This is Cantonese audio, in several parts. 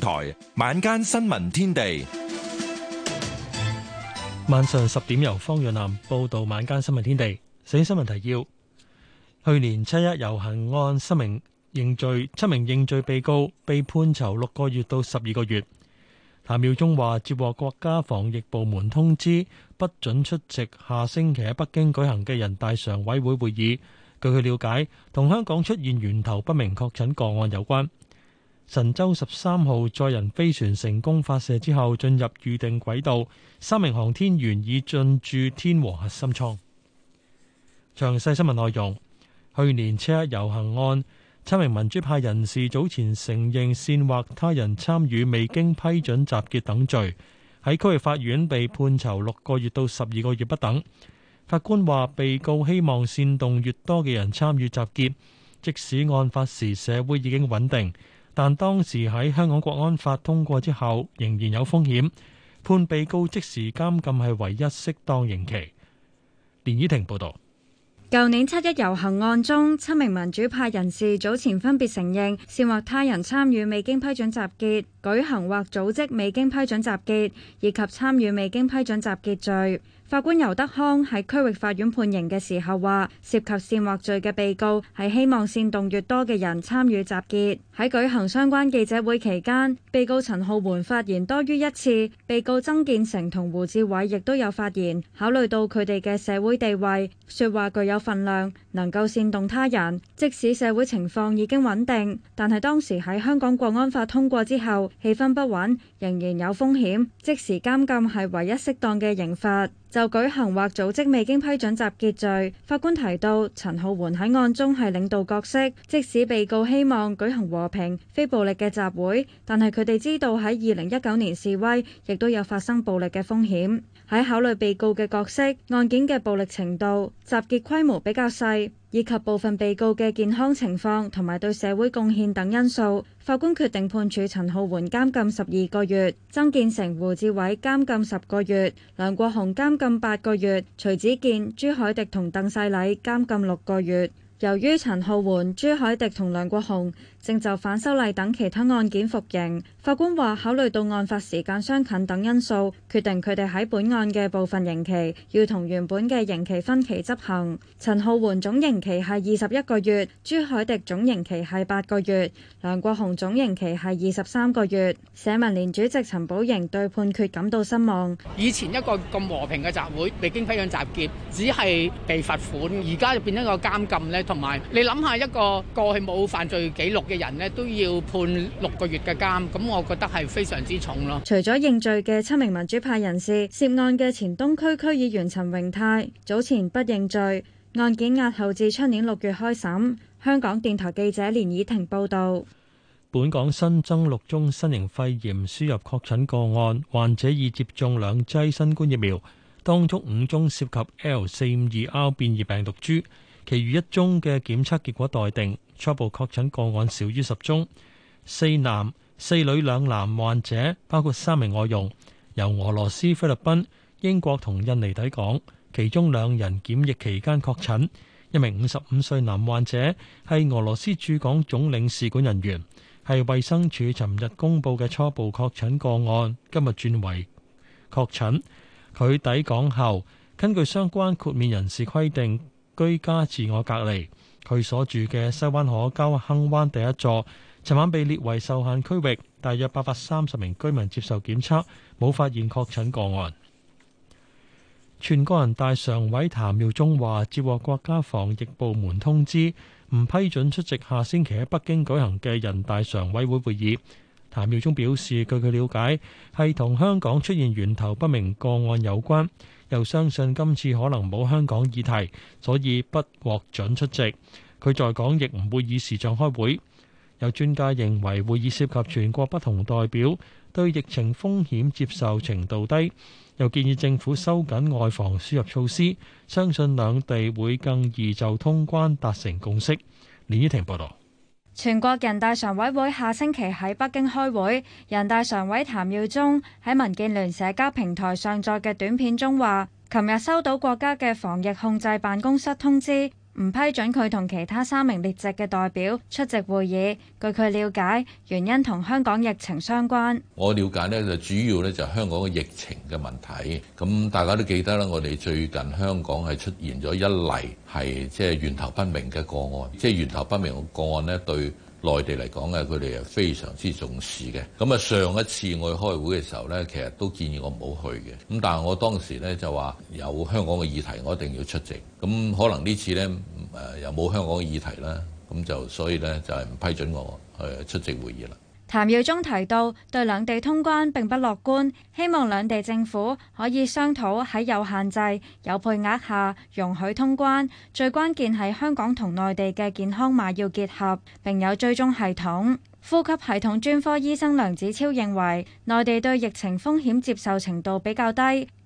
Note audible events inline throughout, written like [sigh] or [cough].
台晚間新聞天地，晚上十點由方若南報道晚間新聞天地。首先新聞提要：去年七一遊行案，三名認罪，七名認罪被告被判囚六個月到十二個月。譚耀宗話接獲國家防疫部門通知，不准出席下星期喺北京舉行嘅人大常委會會議。據佢了解，同香港出現源頭不明確診個案有關。神舟十三號載人飛船成功發射之後，進入預定軌道，三名航天員已進駐天和核心艙。詳細新聞內容：去年車遊行案，七名民主派人士早前承認煽惑他人參與未經批准集結等罪，喺區域法院被判囚六個月到十二個月不等。法官話，被告希望煽動越多嘅人參與集結，即使案發時社會已經穩定。但當時喺香港國安法通過之後，仍然有風險，判被告即時監禁係唯一適當刑期。連依婷報道，舊年七一遊行案中，七名民主派人士早前分別承認煽惑他人參與未經批准集結、舉行或組織未經批准集結，以及參與未經批准集結罪。法官尤德康喺區域法院判刑嘅時候話：涉及煽惑罪嘅被告係希望煽動越多嘅人參與集結。喺舉行相關記者會期間，被告陳皓桓發言多於一次，被告曾建成同胡志偉亦都有發言。考慮到佢哋嘅社會地位，説話具有份量，能夠煽動他人。即使社會情況已經穩定，但係當時喺香港國安法通過之後，氣氛不穩，仍然有風險。即時監禁係唯一適當嘅刑罰。就舉行或組織未經批准集結罪，法官提到陳浩桓喺案中係領導角色，即使被告希望舉行和平、非暴力嘅集會，但係佢哋知道喺二零一九年示威亦都有發生暴力嘅風險。喺考慮被告嘅角色、案件嘅暴力程度、集結規模比較細，以及部分被告嘅健康情況同埋對社會貢獻等因素，法官決定判處陳浩桓監禁十二個月，曾建成、胡志偉監禁十個月，梁國雄監禁八個月，徐子健、朱海迪同鄧世禮監禁六個月。由於陳浩桓、朱海迪同梁國雄正就反修例等其他案件服刑，法官話考慮到案發時間相近等因素，決定佢哋喺本案嘅部分刑期要同原本嘅刑期分期執行。陳浩桓總刑期係二十一個月，朱凱迪總刑期係八個月，梁國雄總刑期係二十三個月。社民連主席陳寶瑩對判決感到失望。以前一個咁和平嘅集會未經批准集結，只係被罰款，而家就變一個監禁咧，同埋你諗下一個過去冇犯罪記錄。嘅人呢，都要判六個月嘅監，咁我覺得係非常之重咯。除咗認罪嘅七名民主派人士，涉案嘅前東區區議員陳榮泰早前不認罪，案件押後至出年六月開審。香港電台記者連倚婷報道。本港新增六宗新型肺炎輸入確診個案，患者已接種兩劑新冠疫苗，當中五宗涉及 L 四五二 R 變異病毒株，其餘一宗嘅檢測結果待定。初步確診個案少於十宗，四男四女兩男患者，包括三名外傭，由俄羅斯、菲律賓、英國同印尼抵港，其中兩人檢疫期間確診，一名五十五歲男患者係俄羅斯駐港總領事館人員，係衛生署尋日公布嘅初步確診個案，今日轉為確診。佢抵港後，根據相關豁免人士規定，居家自我隔離。佢所住嘅西灣河嘉亨灣第一座，尋晚被列為受限區域，大約八百三十名居民接受檢測，冇發現確診個案。全國人大常委譚耀宗話：接獲國家防疫部門通知，唔批准出席下星期喺北京舉行嘅人大常委會會議。譚耀宗表示，據佢了解，係同香港出現源頭不明個案有關。又相信今次可能冇香港議題，所以不獲准出席。佢在港亦唔會以視像開會。有專家認為會議涉及全國不同代表，對疫情風險接受程度低，又建議政府收緊外防輸入措施。相信兩地會更易就通關達成共識。連依婷報道。全國人大常委會下星期喺北京開會，人大常委譚耀宗喺民建聯社交平台上載嘅短片中話，琴日收到國家嘅防疫控制辦公室通知。唔批准佢同其他三名列席嘅代表出席會議，據佢了解，原因同香港疫情相關。我了解呢就主要呢就香港嘅疫情嘅問題，咁大家都記得啦，我哋最近香港係出現咗一例係即係源頭不明嘅個案，即係源頭不明個案呢對。內地嚟講咧，佢哋係非常之重視嘅。咁啊，上一次我去開會嘅時候咧，其實都建議我唔好去嘅。咁但係我當時咧就話有香港嘅議題，我一定要出席。咁可能呢次咧誒又冇香港嘅議題啦。咁就所以咧就係唔批准我去出席會議啦。譚耀宗提到，對兩地通關並不樂觀，希望兩地政府可以商討喺有限制，有配額下容許通關，最關鍵係香港同內地嘅健康碼要結合，並有追蹤系統。呼吸系統專科醫生梁子超認為，內地對疫情風險接受程度比較低。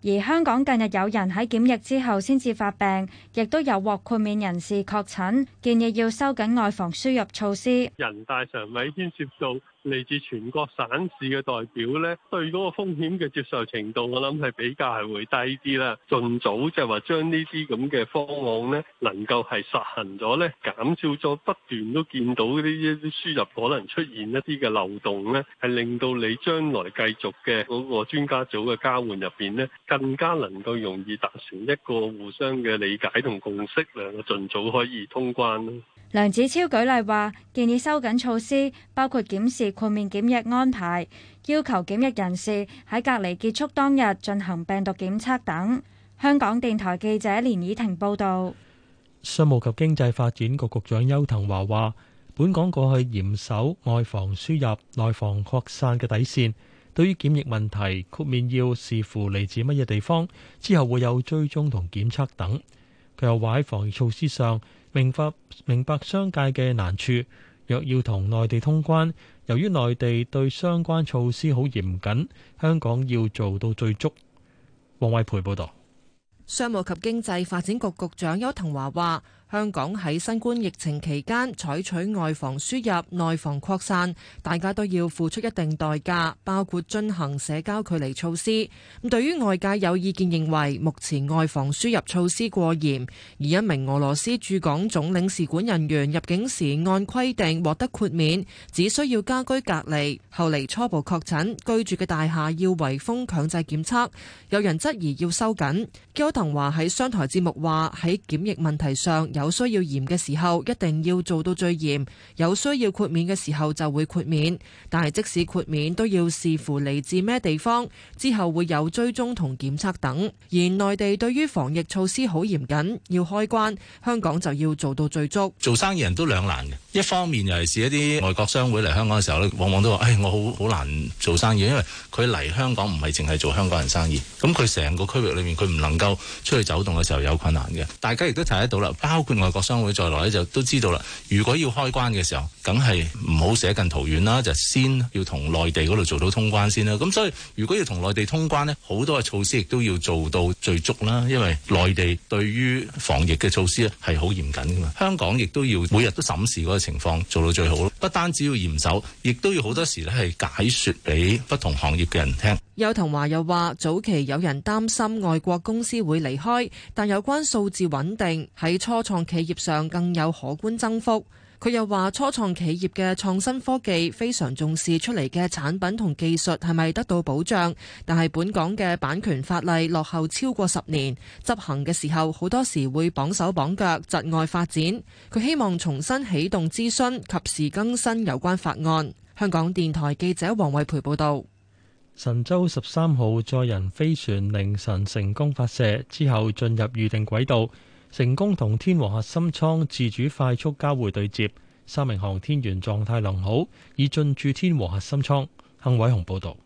而香港近日有人喺檢疫之後先至發病，亦都有獲豁免人士確診，建議要收緊外防輸入措施。人大常委牽涉到嚟自全國省市嘅代表咧，對嗰個風險嘅接受程度，我諗係比較係會低啲啦。盡早就係話將呢啲咁嘅方案咧，能夠，係實行咗咧，減少咗不斷都見到呢一啲輸入可能出現一啲嘅漏洞咧，係令到你將來繼續嘅嗰個專家組嘅交換入邊咧。更加能夠容易達成一個互相嘅理解同共識，兩個盡早可以通關。梁子超舉例話，建議收緊措施，包括檢視豁免檢疫安排，要求檢疫人士喺隔離結束當日進行病毒檢測等。香港電台記者連以婷報道。商務及經濟發展局局長邱騰華話，本港過去嚴守外防輸入、內防擴散嘅底線。對於檢疫問題，豁免要視乎嚟自乜嘢地方，之後會有追蹤同檢測等。佢又話喺防疫措施上，明白明白商界嘅難處，若要同內地通關，由於內地對相關措施好嚴謹，香港要做到最足。黃偉培報道。商務及經濟發展局局長邱騰華話。香港喺新冠疫情期間採取外防輸入、內防擴散，大家都要付出一定代價，包括進行社交距離措施。對於外界有意見認為，目前外防輸入措施過嚴，而一名俄羅斯駐港總領事館人員入境時按規定獲得豁免，只需要家居隔離，後嚟初步確診，居住嘅大廈要圍封強制檢測，有人質疑要收緊，邱騰華喺商台節目話：喺檢疫問題上。有需要嚴嘅時候，一定要做到最嚴；有需要豁免嘅時候，就會豁免。但係即使豁免，都要視乎嚟自咩地方，之後會有追蹤同檢測等。而內地對於防疫措施好嚴謹，要開關，香港就要做到最足。做生意人都兩難嘅，一方面尤其是一啲外國商會嚟香港嘅時候咧，往往都話：誒、哎、我好好難做生意，因為佢嚟香港唔係淨係做香港人生意，咁佢成個區域裏面佢唔能夠出去走動嘅時候有困難嘅。大家亦都睇得到啦，包包括外國商會在內咧，就都知道啦。如果要開關嘅時候，梗係唔好捨近圖遠啦，就先要同內地嗰度做到通關先啦。咁所以，如果要同內地通關呢，好多嘅措施亦都要做到最足啦。因為內地對於防疫嘅措施係好嚴謹嘅嘛，香港亦都要每日都審視嗰個情況，做到最好。不單只要嚴守，亦都要好多時咧係解説俾不同行業嘅人聽。邱騰華又話：早期有人擔心外國公司會離開，但有關數字穩定喺初初。企業上更有可觀增幅。佢又話初創企業嘅創新科技非常重視出嚟嘅產品同技術係咪得到保障？但係本港嘅版權法例落後超過十年，執行嘅時候好多時會綁手綁腳，窒礙發展。佢希望重新啟動諮詢，及時更新有關法案。香港電台記者黃慧培報道：神舟十三號載人飛船凌晨成功發射之後，進入預定軌道。成功同天和核心艙自主快速交會對接，三名航天員狀態良好，已進駐天和核心艙。幸偉雄報道，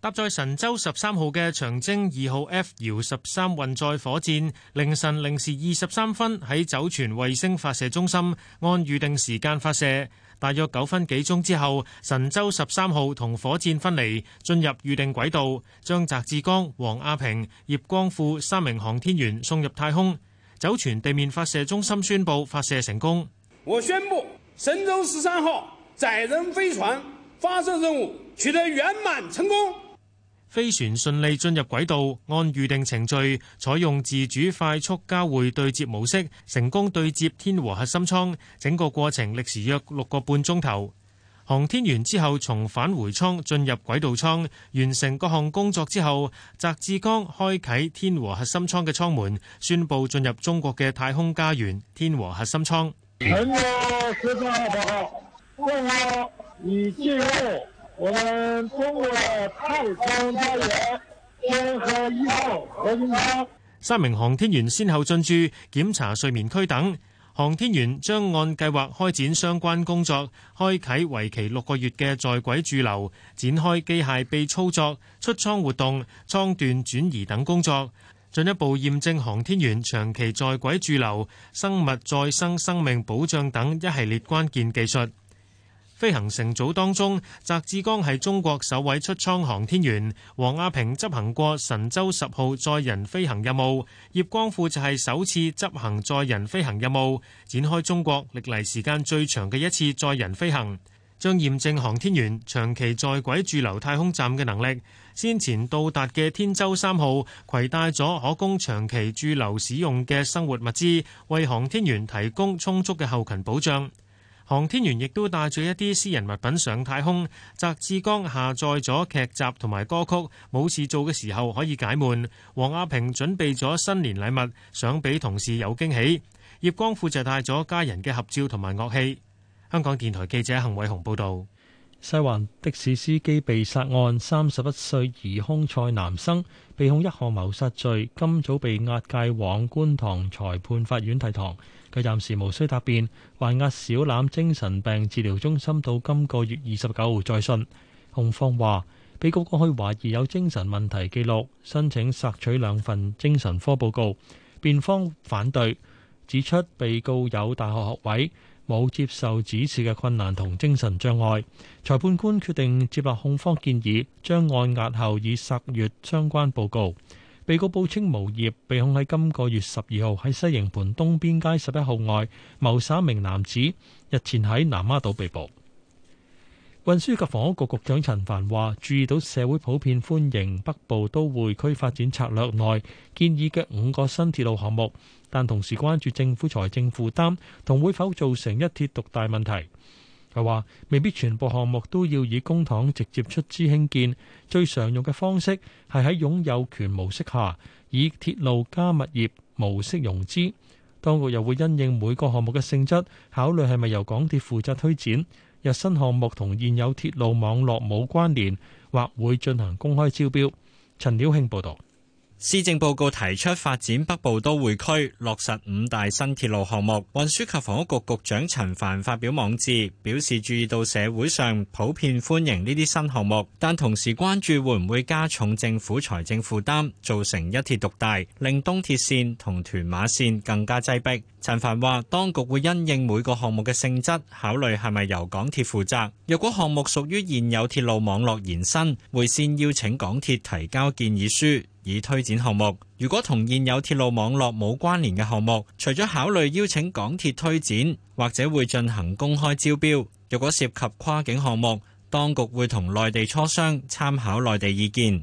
搭載神舟十三號嘅長征二號 F 遙十三運載火箭，凌晨零時二十三分喺酒泉衛星發射中心按預定時間發射。大約九分幾鐘之後，神舟十三號同火箭分離，進入預定軌道，將翟志剛、王亞平、葉光富三名航天員送入太空。酒泉地面發射中心宣布發射成功。我宣布，神舟十三號載人飛船發射任務取得圓滿成功。飛船順利進入軌道，按預定程序採用自主快速交會對接模式成功對接天和核心艙，整個過程歷時約六個半鐘頭。航天員之後，從返回艙進入軌道艙，完成各項工作之後，翟志剛開啟天和核心艙嘅艙門，宣佈進入中國嘅太空家園天和核心艙。三名航天員先後進駐檢查睡眠區等。航天員將按計劃開展相關工作，開啟為期六個月嘅在軌駐留，展開機械臂操作、出艙活動、艙段轉移等工作，進一步驗證航天員長期在軌駐留、生物再生、生命保障等一系列關鍵技術。飛行乘組當中，翟志剛係中國首位出艙航天員，王亞平執行過神舟十號載人飛行任務，葉光富就係首次執行載人飛行任務，展開中國歷來時間最長嘅一次載人飛行，將驗證航天員長期在軌駐留太空站嘅能力。先前到達嘅天舟三號攜帶咗可供長期駐留使用嘅生活物資，為航天員提供充足嘅後勤保障。航天員亦都帶住一啲私人物品上太空。翟志剛下載咗劇集同埋歌曲，冇事做嘅時候可以解悶。王亞平準備咗新年禮物，想俾同事有驚喜。葉光富就帶咗家人嘅合照同埋樂器。香港電台記者幸偉雄報道：「西環的士司機被殺案，三十一歲疑兇蔡男生被控一項謀殺罪，今早被押解往觀塘裁判法院提堂。佢暫時無需答辯，還押小欖精神病治療中心到今個月二十九號再訊。控方話被告過去懷疑有精神問題記錄，申請索取兩份精神科報告。辯方反對，指出被告有大學學位，冇接受指示嘅困難同精神障礙。裁判官決定接納控方建議，將案押後以索取相關報告。被告報稱無業，被控喺今個月十二號喺西營盤東邊街十一號外謀殺一名男子，日前喺南丫島被捕。運輸及房屋局局長陳帆話：注意到社會普遍歡迎北部都會區發展策略內建議嘅五個新鐵路項目，但同時關注政府財政負擔，同會否造成一鐵獨大問題。佢話：未必全部項目都要以公帑直接出資興建，最常用嘅方式係喺擁有權模式下，以鐵路加物業模式融資。當局又會因應每個項目嘅性質，考慮係咪由港鐵負責推展。若新項目同現有鐵路網絡冇關聯，或會進行公開招標。陳廖慶報導。施政報告提出發展北部都會區，落實五大新鐵路項目。運輸及房屋局局長陳帆發表網誌，表示注意到社會上普遍歡迎呢啲新項目，但同時關注會唔會加重政府財政負擔，造成一鐵獨大，令東鐵綫同屯馬綫更加擠迫。陳帆話，當局會因應每個項目嘅性質，考慮係咪由港鐵負責。若果項目屬於現有鐵路網絡延伸，會先邀請港鐵提交建議書，以推展項目，如果同現有鐵路網絡冇關聯嘅項目，除咗考慮邀請港鐵推展，或者會進行公開招標，若果涉及跨境項目，當局會同內地磋商，參考內地意見。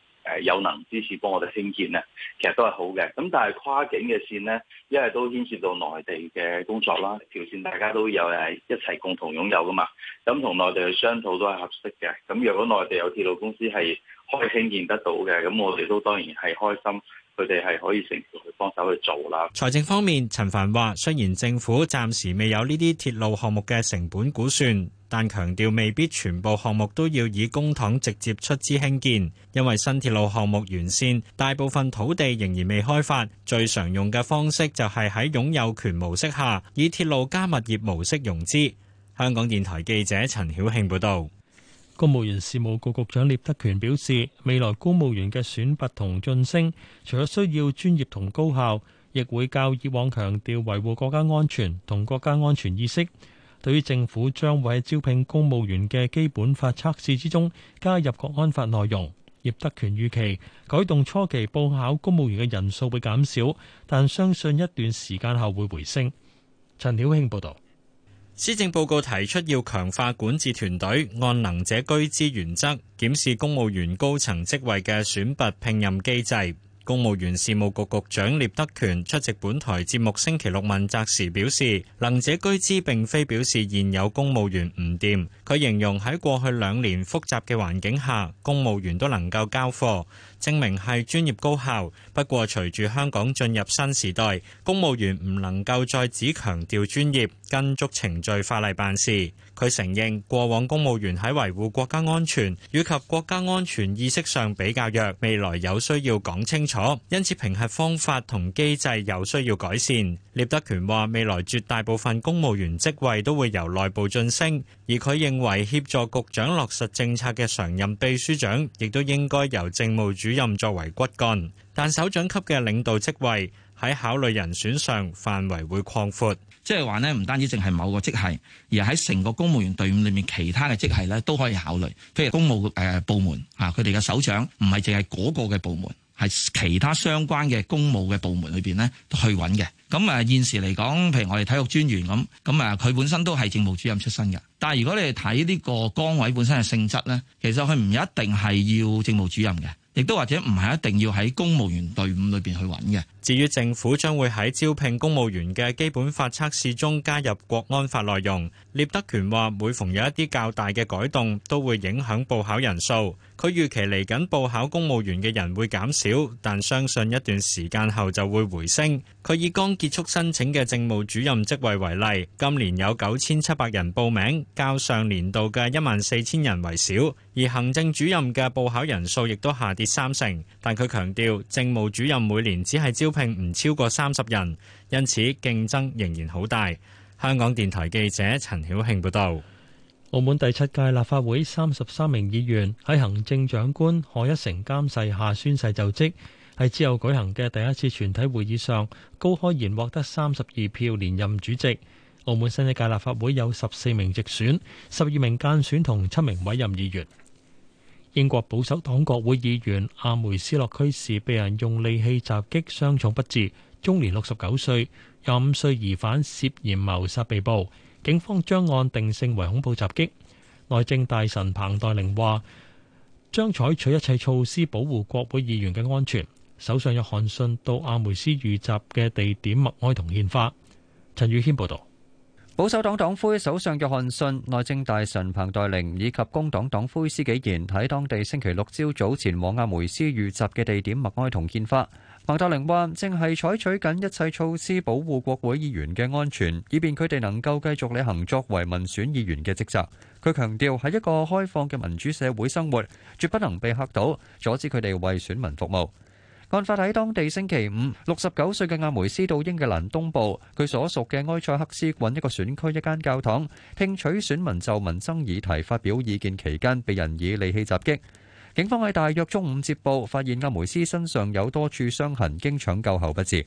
係有能支持幫我哋興建咧，其實都係好嘅。咁但係跨境嘅線咧，因為都牽涉到內地嘅工作啦。條線大家都有係一齊共同擁有噶嘛。咁同內地去商討都係合適嘅。咁若果內地有鐵路公司係可以興建，建得到嘅，咁我哋都當然係開心。佢哋係可以成個去幫手去做啦。財政方面，陳凡話，雖然政府暫時未有呢啲鐵路項目嘅成本估算，但強調未必全部項目都要以公帑直接出資興建，因為新鐵路項目完善，大部分土地仍然未開發，最常用嘅方式就係喺擁有權模式下，以鐵路加物業模式融資。香港電台記者陳曉慶報道。公務員事務局局長聶德權表示，未來公務員嘅選拔同晉升，除咗需要專業同高效，亦會較以往強調維護國家安全同國家安全意識。對於政府將會喺招聘公務員嘅基本法測試之中加入國安法內容，聶德權預期改動初期報考公務員嘅人數會減少，但相信一段時間後會回升。陳曉慶報道。施政報告提出要強化管治團隊，按能者居之原則，檢視公務員高層職位嘅選拔聘任機制。公務員事務局局長聶德權出席本台節目星期六問責時表示，能者居之並非表示現有公務員唔掂。佢形容喺過去兩年複雜嘅環境下，公務員都能夠交貨，證明係專業高效。不過隨住香港進入新時代，公務員唔能夠再只強調專業跟足程序法例辦事。佢承認過往公務員喺維護國家安全以及國家安全意識上比較弱，未來有需要講清楚。因此，評核方法同機制有需要改善。聶德權話：未來絕大部分公務員職位都會由內部晉升，而佢認為協助局長落實政策嘅常任秘書長，亦都應該由政務主任作為骨幹。但首長級嘅領導職位喺考慮人選上範圍會擴闊，即係話咧，唔單止淨係某個職系，而喺成個公務員隊伍裏面，其他嘅職系咧都可以考慮。譬如公務誒部門啊，佢哋嘅首長唔係淨係嗰個嘅部門。係其他相關嘅公務嘅部門裏邊呢，去揾嘅。咁啊，現時嚟講，譬如我哋體育專員咁，咁啊，佢本身都係政務主任出身嘅。但係如果你哋睇呢個崗位本身嘅性質呢，其實佢唔一定係要政務主任嘅，亦都或者唔係一定要喺公務員隊伍裏邊去揾嘅。至於政府將會喺招聘公務員嘅基本法測試中加入國安法內容，聶德權話每逢有一啲較大嘅改動，都會影響報考人數。佢預期嚟緊報考公務員嘅人會減少，但相信一段時間後就會回升。佢以剛結束申請嘅政務主任職位為例，今年有九千七百人報名，較上年度嘅一萬四千人為少，而行政主任嘅報考人數亦都下跌三成。但佢強調，政務主任每年只係招聘唔超過三十人，因此競爭仍然好大。香港電台記者陳曉慶報道。澳門第七屆立法會三十三名議員喺行政長官賀一誠監誓下宣誓就職，喺之後舉行嘅第一次全體會議上，高開賢獲得三十二票連任主席。澳門新一屆立法會有十四名直選、十二名間選同七名委任議員。英國保守黨國會議員阿梅斯落區時，被人用利器襲擊，傷重不治，終年六十九歲。廿五歲疑犯涉嫌謀殺被捕。警方將案定性為恐怖襲擊。內政大臣彭黛玲話：將採取一切措施保護國會議員嘅安全。首相約翰遜到阿梅斯遇襲嘅地點默哀同獻花。陳宇軒報導。保守黨黨魁首相約翰遜、內政大臣彭黛玲以及工黨黨魁施紀賢喺當地星期六朝早前，前往阿梅斯遇襲嘅地點默哀同獻花。彭達靈話：正係採取緊一切措施保護國會議員嘅安全，以便佢哋能夠繼續履行作為民選議員嘅職責。佢強調喺一個開放嘅民主社會，生活絕不能被嚇倒，阻止佢哋為選民服務。案發喺當地星期五，六十九歲嘅阿梅斯到英格蘭東部，佢所屬嘅埃塞克斯郡一個選區一間教堂，聽取選民就民生議題發表意見期間，被人以利器襲擊。警方喺大約中午接報，發現阿梅斯身上有多處傷痕，經搶救後不治。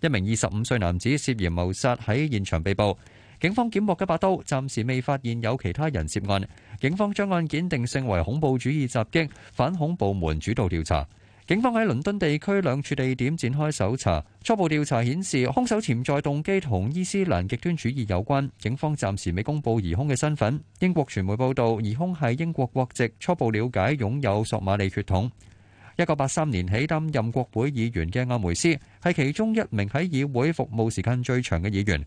一名二十五歲男子涉嫌謀殺喺現場被捕。警方檢獲嘅把刀，暫時未發現有其他人涉案。警方將案件定性為恐怖主義襲擊，反恐部門主導調查。警方喺倫敦地區兩處地點展開搜查，初步調查顯示兇手潛在動機同伊斯蘭極端主義有關。警方暫時未公布疑兇嘅身份。英國傳媒報道，疑兇係英國國籍，初步瞭解擁有索馬利血統。一九八三年起擔任國會議員嘅阿梅斯係其中一名喺議會服務時間最長嘅議員。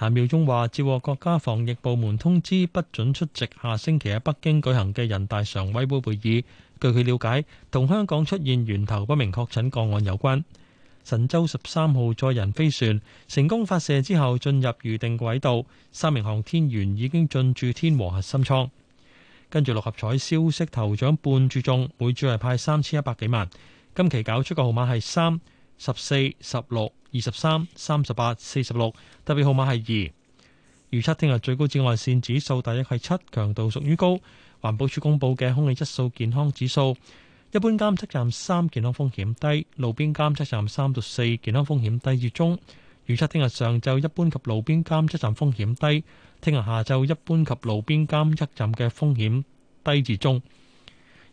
譚妙忠話接獲國家防疫部門通知，不准出席下星期喺北京舉行嘅人大常委會會議。據佢了解，同香港出現源頭不明確診個案有關。神舟十三號載人飛船成功發射之後，進入預定軌道，三名航天員已經進駐天和核心艙。跟住六合彩消息，頭獎半注中，每注係派三千一百幾萬。今期搞出個號碼係三十四十六。二十三、三十八、四十六，特別號碼係二。預測聽日最高紫外線指數大約係七，強度屬於高。環保署公布嘅空氣質素健康指數，一般監測站三，健康風險低；路邊監測站三到四，健康風險低至中。預測聽日上晝一般及路邊監測站風險低，聽日下晝一般及路邊監測站嘅風險低至中。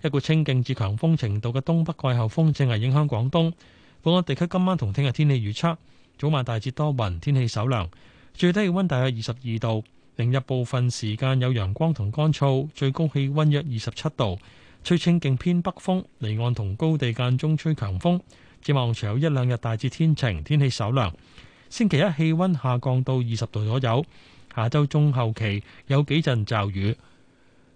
一股清勁至強風程度嘅東北季候風正係影響廣東。本澳地區今晚同聽日天氣預測，早晚大致多雲，天氣稍涼，最低氣温大約二十二度。明日部分時間有陽光同乾燥，最高氣温約二十七度，吹清勁偏北風。離岸同高地間中吹強風。展望除有一兩日大致天晴，天氣稍涼。星期一氣温下降到二十度左右。下周中後期有幾陣驟雨。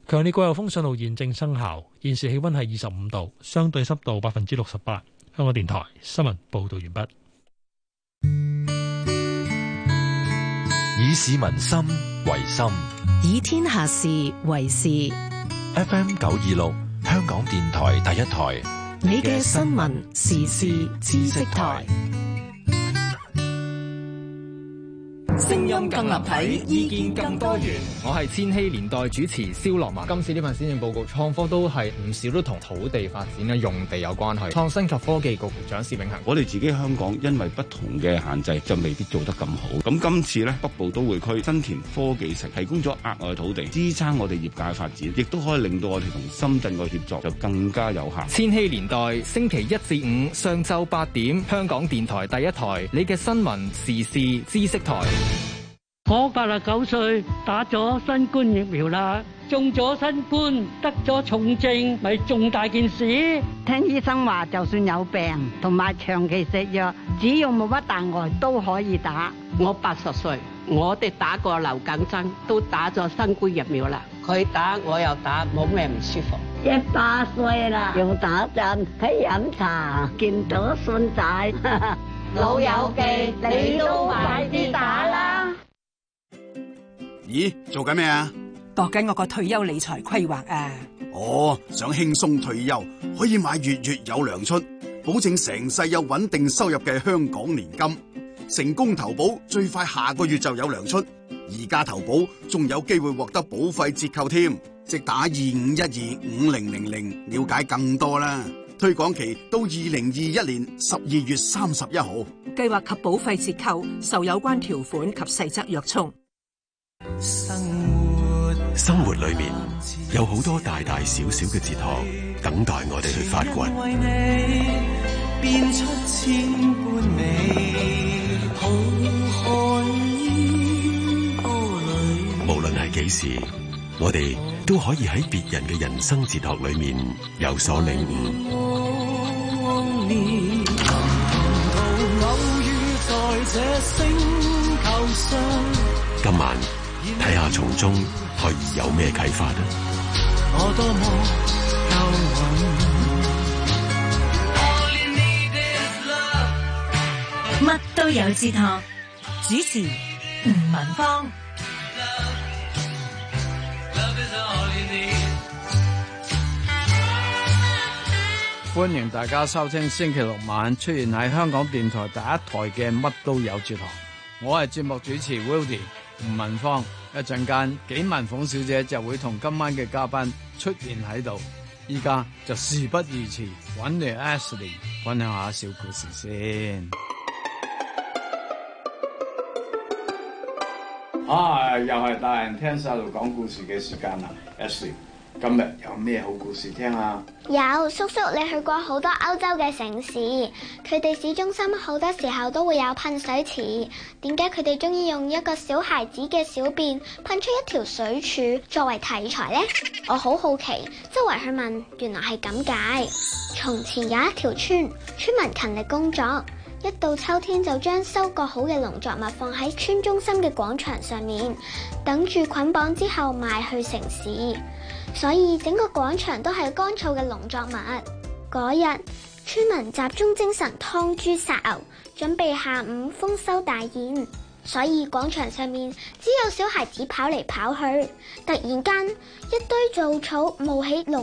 強烈季候風信號現正生效，現時氣温係二十五度，相對濕度百分之六十八。香港電台新聞報道完畢。以市民心為心， [music] 以天下事為事。 [music] FM 九二六，香港電台第一台，你嘅新聞時事知識台。聲音更立體，意見更多元。我係千禧年代主持蕭樂文。今次呢份施政報告，創科都係唔少都同土地發展嘅用地有關係。創新及科技局局長薛永恒，我哋自己香港因為不同嘅限制，就未必做得咁好。咁今次呢，北部都會區新田科技城提供咗額外土地，支撐我哋業界發展，亦都可以令到我哋同深圳嘅協作就更加有效。千禧年代星期一至五上晝八點，香港電台第一台，你嘅新聞時事知識台。我八十九歲，打咗新冠疫苗啦，中咗新冠，得咗重症，咪重大件事。聽醫生話，就算有病同埋長期食藥，只要冇乜大礙都可以打。我八十歲，我哋打過流感針，都打咗新冠疫苗啦。佢打我又打，冇咩唔舒服。一百歲啦，用打針，喺飲茶，見到孫仔， [laughs] 老友記，你都快啲打啦。咦，做緊咩啊？度緊我個退休理財規劃啊！哦，想輕鬆退休，可以買月月有糧出，保證成世有穩定收入嘅香港年金。成功投保，最快下個月就有糧出。而家投保仲有機會獲得保費折扣添，即打二五一二五零零零，了解更多啦。推廣期到二零二一年十二月三十一號。計劃及保費折扣受有關條款及細則約束。生活生活，裏面有好多大大小小嘅哲學等待我哋去發掘。無論係幾時，我哋都可以喺別人嘅人生哲學裏面有所領悟。今晚。睇下從中可以有咩啟發？乜都有哲學，主持吳文芳， [music] 歡迎大家收聽星期六晚出現喺香港電台第一台嘅乜都有哲學，我係節目主持 Willie。Will 吳文芳一陣間，紀文鳳小姐就會同今晚嘅嘉賓出現喺度。依家就事不宜遲，揾你 Ashley 分享下小故事先。啊，又係大人聽細路講故事嘅時間啦，Ashley。今日有咩好故事聽啊？有叔叔，你去過好多歐洲嘅城市，佢哋市中心好多時候都會有噴水池。點解佢哋中意用一個小孩子嘅小便噴出一條水柱作為題材呢？我好好奇，周圍去問，原來係咁解。從前有一條村，村民勤力工作，一到秋天就將收割好嘅農作物放喺村中心嘅廣場上面，等住捆綁之後賣去城市。所以整個廣場都係乾燥嘅農作物。嗰日村民集中精神劏豬殺牛，準備下午豐收大宴。所以廣場上面只有小孩子跑嚟跑去。突然間一堆稻草冒起濃。